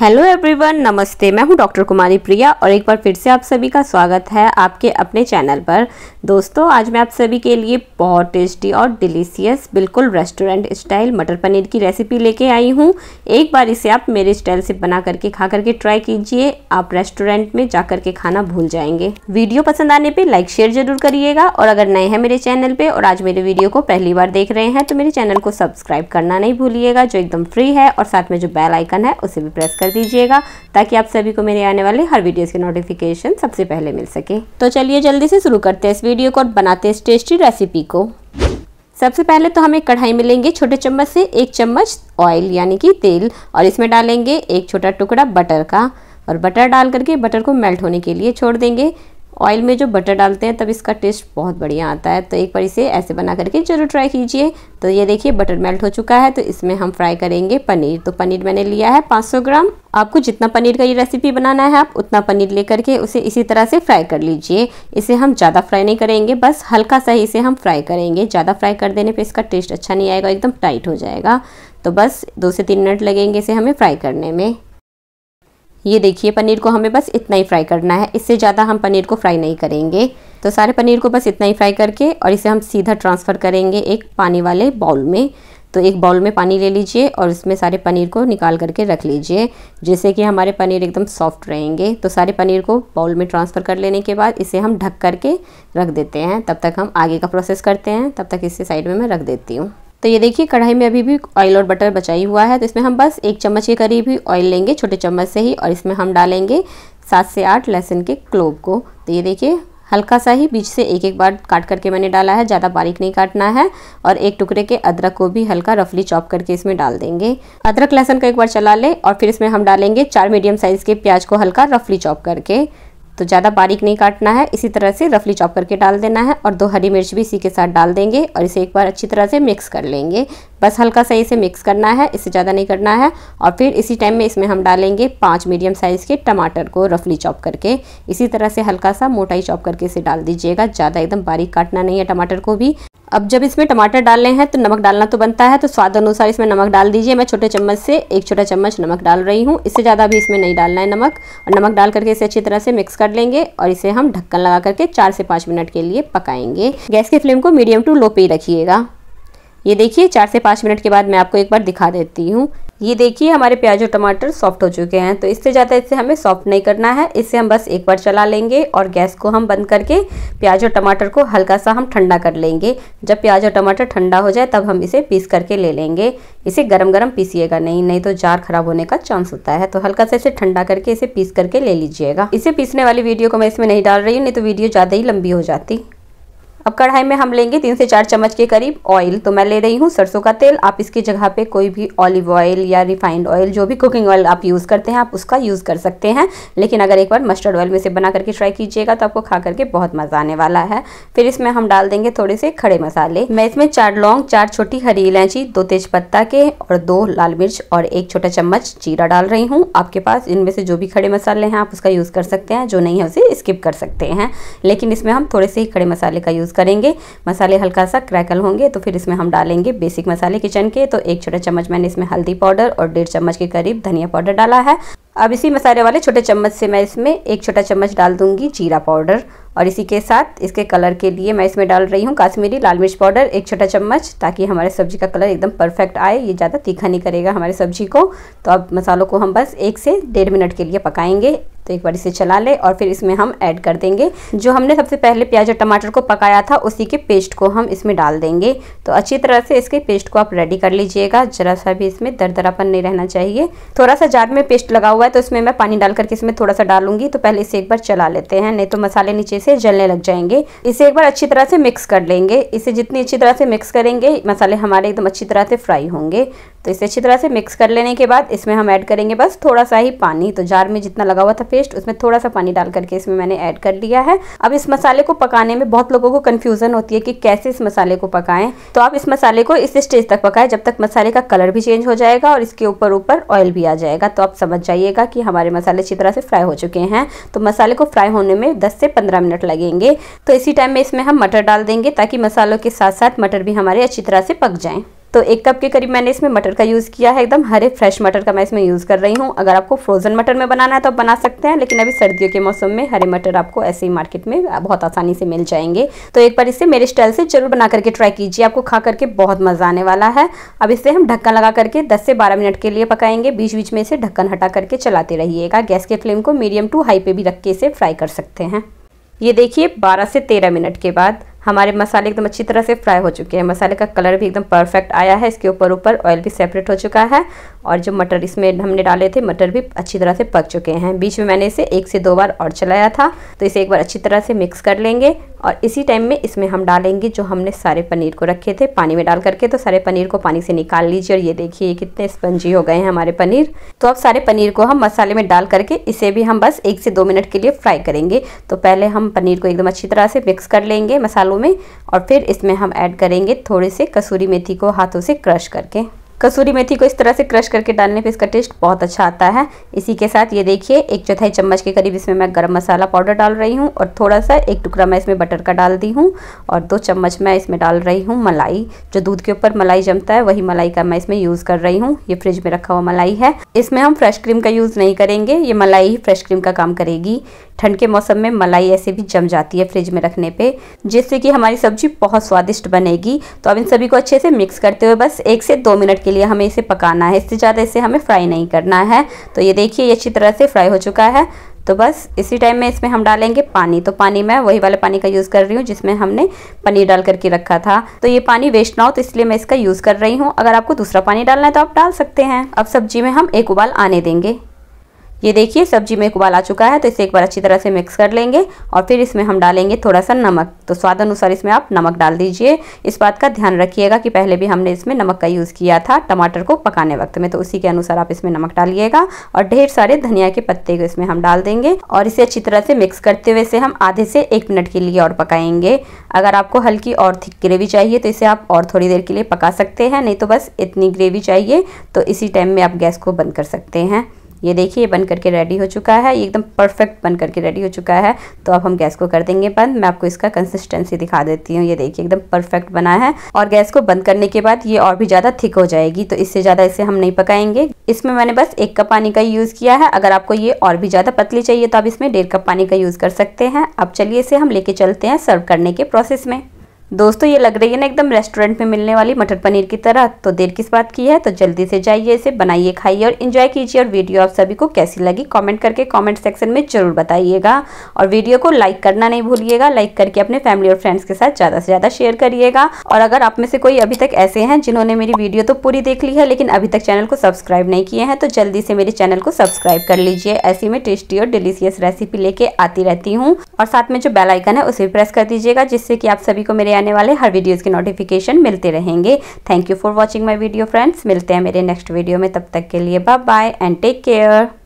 hello everyone नमस्ते मैं हूं डॉक्टर कुमारी प्रिया और एक बार फिर से आप सभी का स्वागत है आपके अपने चैनल पर दोस्तों आज मैं आप सभी के लिए बहुत टेस्टी और डिलीशियस बिल्कुल रेस्टोरेंट स्टाइल मटर पनीर की रेसिपी लेके आई हूं एक बार इसे आप मेरे स्टाइल से बना करके खा करके ट्राई कीजिए आप रेस्टोरेंट में जा के खाना भूल जाएंगे वीडियो पसंद आने पर लाइक शेयर जरूर करिएगा और अगर नए हैं मेरे चैनल पर और आज मेरे वीडियो को पहली बार देख रहे हैं तो मेरे चैनल को सब्सक्राइब करना नहीं भूलिएगा जो एकदम फ्री है और साथ में जो बेल आइकन है उसे भी प्रेस कर कर दीजिएगा ताकि आप सभी को मेरे आने वाले हर वीडियोस के नोटिफिकेशन सबसे पहले मिल सके तो चलिए जल्दी से शुरू करते हैं इस वीडियो को और बनाते हैं इस टेस्टी रेसिपी को सबसे पहले तो हमें कढ़ाई में लेंगे छोटे चम्मच से एक चम्मच ऑयल यानी कि तेल और इसमें डालेंगे एक छोटा टुकड़ा बटर का और बटर डाल करके बटर को मेल्ट होने के लिए छोड़ देंगे ऑयल में जो बटर डालते हैं तब इसका टेस्ट बहुत बढ़िया आता है तो एक बार इसे ऐसे बना करके ज़रूर ट्राई कीजिए तो ये देखिए बटर मेल्ट हो चुका है तो इसमें हम फ्राई करेंगे पनीर तो पनीर मैंने लिया है 500 ग्राम आपको जितना पनीर का ये रेसिपी बनाना है आप उतना पनीर लेकर के उसे इसी तरह से फ्राई कर लीजिए इसे हम ज़्यादा फ्राई नहीं करेंगे बस हल्का सा ही इसे हम फ्राई करेंगे ज़्यादा फ्राई कर देने पर इसका टेस्ट अच्छा नहीं आएगा एकदम टाइट हो जाएगा तो बस दो से तीन मिनट लगेंगे इसे हमें फ्राई करने में ये देखिए पनीर को हमें बस इतना ही फ्राई करना है इससे ज़्यादा हम पनीर को फ्राई नहीं करेंगे तो सारे पनीर को बस इतना ही फ्राई करके और इसे हम सीधा ट्रांसफ़र करेंगे एक पानी वाले बाउल में तो एक बाउल में पानी ले लीजिए और इसमें सारे पनीर को निकाल करके रख लीजिए जिससे कि हमारे पनीर एकदम सॉफ्ट रहेंगे तो सारे पनीर को बाउल में ट्रांसफ़र कर लेने के बाद इसे हम ढक करके रख देते हैं तब तक हम आगे का प्रोसेस करते हैं तब तक इसे साइड में मैं रख देती हूँ तो ये देखिए कढ़ाई में अभी भी ऑयल और बटर बचाई हुआ है तो इसमें हम बस एक चम्मच के करीब ही ऑयल लेंगे छोटे चम्मच से ही और इसमें हम डालेंगे सात से आठ लहसुन के क्लोब को तो ये देखिए हल्का सा ही बीच से एक एक बार काट करके मैंने डाला है ज़्यादा बारीक नहीं काटना है और एक टुकड़े के अदरक को भी हल्का रफली चॉप करके इसमें डाल देंगे अदरक लहसुन का एक बार चला लें और फिर इसमें हम डालेंगे चार मीडियम साइज़ के प्याज को हल्का रफली चॉप करके तो ज़्यादा बारीक नहीं काटना है इसी तरह से रफली चॉप करके डाल देना है और दो हरी मिर्च भी इसी के साथ डाल देंगे और इसे एक बार अच्छी तरह से मिक्स कर लेंगे बस हल्का सा इसे मिक्स करना है इसे ज़्यादा नहीं करना है और फिर इसी टाइम में इसमें हम डालेंगे पाँच मीडियम साइज़ के टमाटर को रफली चॉप करके इसी तरह से हल्का सा मोटाई चॉप करके इसे डाल दीजिएगा ज़्यादा एकदम बारीक काटना नहीं है टमाटर को भी अब जब इसमें टमाटर डालने हैं तो नमक डालना तो बनता है तो स्वाद अनुसार इसमें नमक डाल दीजिए मैं छोटे चम्मच से एक छोटा चम्मच नमक डाल रही हूँ इससे ज़्यादा भी इसमें नहीं डालना है नमक और नमक डाल करके इसे अच्छी तरह से मिक्स कर लेंगे और इसे हम ढक्कन लगा करके चार से पाँच मिनट के लिए पकाएंगे गैस की फ्लेम को मीडियम टू लो पे ही रखिएगा ये देखिए चार से पाँच मिनट के बाद मैं आपको एक बार दिखा देती हूँ ये देखिए हमारे प्याज और टमाटर सॉफ्ट हो चुके हैं तो इससे ज़्यादा इसे हमें सॉफ्ट नहीं करना है इसे हम बस एक बार चला लेंगे और गैस को हम बंद करके प्याज और टमाटर को हल्का सा हम ठंडा कर लेंगे जब प्याज और टमाटर ठंडा हो जाए तब हम इसे पीस करके ले लेंगे इसे गरम गरम पीसिएगा नहीं नहीं तो जार खराब होने का चांस होता है तो हल्का सा इसे ठंडा करके इसे पीस करके ले लीजिएगा इसे पीसने वाली वीडियो को मैं इसमें नहीं डाल रही हूँ नहीं तो वीडियो ज़्यादा ही लंबी हो जाती अब कढ़ाई में हम लेंगे तीन से चार चम्मच के करीब ऑयल तो मैं ले रही हूँ सरसों का तेल आप इसकी जगह पे कोई भी ऑलिव ऑयल या रिफाइंड ऑयल जो भी कुकिंग ऑयल आप यूज़ करते हैं आप उसका यूज़ कर सकते हैं लेकिन अगर एक बार मस्टर्ड ऑयल में से बना करके ट्राई कीजिएगा तो आपको खा करके बहुत मज़ा आने वाला है फिर इसमें हम डाल देंगे थोड़े से खड़े मसाले मैं इसमें चार लौंग चार छोटी हरी इलायची दो तेज के और दो लाल मिर्च और एक छोटा चम्मच जीरा डाल रही हूँ आपके पास इनमें से जो भी खड़े मसाले हैं आप उसका यूज़ कर सकते हैं जो नहीं है उसे स्किप कर सकते हैं लेकिन इसमें हम थोड़े से ही खड़े मसाले का यूज़ करेंगे मसाले हल्का सा क्रैकल होंगे तो फिर इसमें हम डालेंगे बेसिक मसाले किचन के तो एक छोटा चम्मच मैंने इसमें हल्दी पाउडर और डेढ़ चम्मच के करीब धनिया पाउडर डाला है अब इसी मसाले वाले छोटे चम्मच से मैं इसमें एक छोटा चम्मच डाल दूंगी जीरा पाउडर और इसी के साथ इसके कलर के लिए मैं इसमें डाल रही हूँ काश्मीरी लाल मिर्च पाउडर एक छोटा चम्मच ताकि हमारे सब्जी का कलर एकदम परफेक्ट आए ये ज़्यादा तीखा नहीं करेगा हमारे सब्जी को तो अब मसालों को हम बस एक से डेढ़ मिनट के लिए पकाएंगे तो एक बार इसे चला ले और फिर इसमें हम ऐड कर देंगे जो हमने सबसे पहले प्याज और टमाटर को पकाया था उसी के पेस्ट को हम इसमें डाल देंगे तो अच्छी तरह से इसके पेस्ट को आप रेडी कर लीजिएगा ज़रा सा भी इसमें दरदरापन नहीं रहना चाहिए थोड़ा सा जार में पेस्ट लगा हुआ है तो इसमें मैं पानी डाल करके इसमें थोड़ा सा डालूंगी तो पहले इसे एक बार चला लेते हैं नहीं तो मसाले नीचे से जलने लग जाएंगे इसे एक बार अच्छी तरह से मिक्स कर लेंगे इसे जितनी अच्छी तरह से मिक्स करेंगे मसाले हमारे एकदम अच्छी तरह से फ्राई होंगे तो इसे अच्छी तरह से मिक्स कर लेने के बाद इसमें हम ऐड करेंगे बस थोड़ा सा ही पानी तो जार में जितना लगा हुआ था पेस्ट उसमें थोड़ा सा पानी डाल करके इसमें मैंने ऐड कर लिया है अब इस मसाले को पकाने में बहुत लोगों को कन्फ्यूज़न होती है कि कैसे इस मसाले को पकाएं तो आप इस मसाले को इस स्टेज तक पकाएं जब तक मसाले का कलर भी चेंज हो जाएगा और इसके ऊपर ऊपर ऑयल भी आ जाएगा तो आप समझ जाइएगा कि हमारे मसाले अच्छी तरह से फ्राई हो चुके हैं तो मसाले को फ्राई होने में दस से पंद्रह मिनट लगेंगे तो इसी टाइम में इसमें हम मटर डाल देंगे ताकि मसालों के साथ साथ मटर भी हमारे अच्छी तरह से पक जाएँ तो एक कप के करीब मैंने इसमें मटर का यूज़ किया है एकदम हरे फ्रेश मटर का मैं इसमें यूज़ कर रही हूँ अगर आपको फ्रोज़न मटर में बनाना है तो आप बना सकते हैं लेकिन अभी सर्दियों के मौसम में हरे मटर आपको ऐसे ही मार्केट में बहुत आसानी से मिल जाएंगे तो एक बार इसे मेरे स्टाइल से जरूर बना करके ट्राई कीजिए आपको खा करके बहुत मज़ा आने वाला है अब इसे हम ढक्कन लगा करके दस से बारह मिनट के लिए पकाएंगे बीच बीच में इसे ढक्कन हटा करके चलाते रहिएगा गैस के फ्लेम को मीडियम टू हाई पे भी रख के इसे फ्राई कर सकते हैं ये देखिए 12 से 13 मिनट के बाद हमारे मसाले एकदम अच्छी तरह से फ्राई हो चुके हैं मसाले का कलर भी एकदम परफेक्ट आया है इसके ऊपर ऊपर ऑयल भी सेपरेट हो चुका है और जो मटर इसमें हमने डाले थे मटर भी अच्छी तरह से पक चुके हैं बीच में मैंने इसे एक से दो बार और चलाया था तो इसे एक बार अच्छी तरह से मिक्स कर लेंगे और इसी टाइम में इसमें हम डालेंगे जो हमने सारे पनीर को रखे थे पानी में डाल करके तो सारे पनीर को पानी से निकाल लीजिए और ये देखिए कितने स्पंजी हो गए हैं हमारे पनीर तो अब सारे पनीर को हम मसाले में डाल करके इसे भी हम बस एक से दो मिनट के लिए फ्राई करेंगे तो पहले हम पनीर को एकदम अच्छी तरह से मिक्स कर लेंगे मसालों में और फिर इसमें हम ऐड करेंगे थोड़े से कसूरी मेथी को हाथों से क्रश करके कसूरी मेथी को इस तरह से क्रश करके डालने पे इसका टेस्ट बहुत अच्छा आता है इसी के साथ ये देखिए एक चौथाई चम्मच के करीब इसमें मैं गरम मसाला पाउडर डाल रही हूँ और थोड़ा सा एक टुकड़ा मैं इसमें बटर का डाल दी हूँ और दो चम्मच मैं इसमें डाल रही हूँ मलाई जो दूध के ऊपर मलाई जमता है वही मलाई का मैं इसमें यूज़ कर रही हूँ ये फ्रिज में रखा हुआ मलाई है इसमें हम फ्रेश क्रीम का यूज़ नहीं करेंगे ये मलाई ही फ्रेश क्रीम का काम करेगी ठंड के मौसम में मलाई ऐसे भी जम जाती है फ्रिज में रखने पे जिससे कि हमारी सब्जी बहुत स्वादिष्ट बनेगी तो अब इन सभी को अच्छे से मिक्स करते हुए बस एक से दो मिनट के लिए हमें इसे पकाना है इससे ज़्यादा इसे हमें फ्राई नहीं करना है तो ये देखिए ये अच्छी तरह से फ्राई हो चुका है तो बस इसी टाइम में इसमें हम डालेंगे पानी तो पानी मैं वही वाले पानी का यूज़ कर रही हूँ जिसमें हमने पनीर डाल करके रखा था तो ये पानी वेस्ट ना हो तो इसलिए मैं इसका यूज़ कर रही हूँ अगर आपको दूसरा पानी डालना है तो आप डाल सकते हैं अब सब्जी में हम एक उबाल आने देंगे ये देखिए सब्जी में उबाल आ चुका है तो इसे एक बार अच्छी तरह से मिक्स कर लेंगे और फिर इसमें हम डालेंगे थोड़ा सा नमक तो स्वाद अनुसार इसमें आप नमक डाल दीजिए इस बात का ध्यान रखिएगा कि पहले भी हमने इसमें नमक का यूज़ किया था टमाटर को पकाने वक्त में तो उसी के अनुसार आप इसमें नमक डालिएगा और ढेर सारे धनिया के पत्ते को इसमें हम डाल देंगे और इसे अच्छी तरह से मिक्स करते हुए इसे हम आधे से एक मिनट के लिए और पकाएंगे अगर आपको हल्की और थिक ग्रेवी चाहिए तो इसे आप और थोड़ी देर के लिए पका सकते हैं नहीं तो बस इतनी ग्रेवी चाहिए तो इसी टाइम में आप गैस को बंद कर सकते हैं ये देखिए बन करके रेडी हो चुका है ये एकदम परफेक्ट बन करके रेडी हो चुका है तो अब हम गैस को कर देंगे बंद मैं आपको इसका कंसिस्टेंसी दिखा देती हूँ ये देखिए एकदम परफेक्ट बना है और गैस को बंद करने के बाद ये और भी ज़्यादा थिक हो जाएगी तो इससे ज़्यादा इसे हम नहीं पकाएंगे इसमें मैंने बस एक कप पानी का यूज़ किया है अगर आपको ये और भी ज़्यादा पतली चाहिए तो आप इसमें डेढ़ कप पानी का यूज़ कर सकते हैं अब चलिए इसे हम लेके चलते हैं सर्व करने के प्रोसेस में दोस्तों ये लग रही है ना एकदम रेस्टोरेंट में मिलने वाली मटर पनीर की तरह तो देर किस बात की है तो जल्दी से जाइए इसे बनाइए खाइए और इन्जॉय कीजिए और वीडियो आप सभी को कैसी लगी कमेंट करके कमेंट सेक्शन में ज़रूर बताइएगा और वीडियो को लाइक करना नहीं भूलिएगा लाइक करके अपने फैमिली और फ्रेंड्स के साथ ज़्यादा से ज़्यादा शेयर करिएगा और अगर आप में से कोई अभी तक ऐसे हैं जिन्होंने मेरी वीडियो तो पूरी देख ली है लेकिन अभी तक चैनल को सब्सक्राइब नहीं किए हैं तो जल्दी से मेरे चैनल को सब्सक्राइब कर लीजिए ऐसी में टेस्टी और डिलीशियस रेसिपी लेके आती रहती हूँ और साथ में जो बेलाइकन है उसे भी प्रेस कर दीजिएगा जिससे कि आप सभी को मेरे आने वाले हर वीडियोज़ के नोटिफिकेशन मिलते रहेंगे thank you for watching my video friends मिलते हैं मेरे नेक्स्ट वीडियो में तब तक के लिए bye bye and take care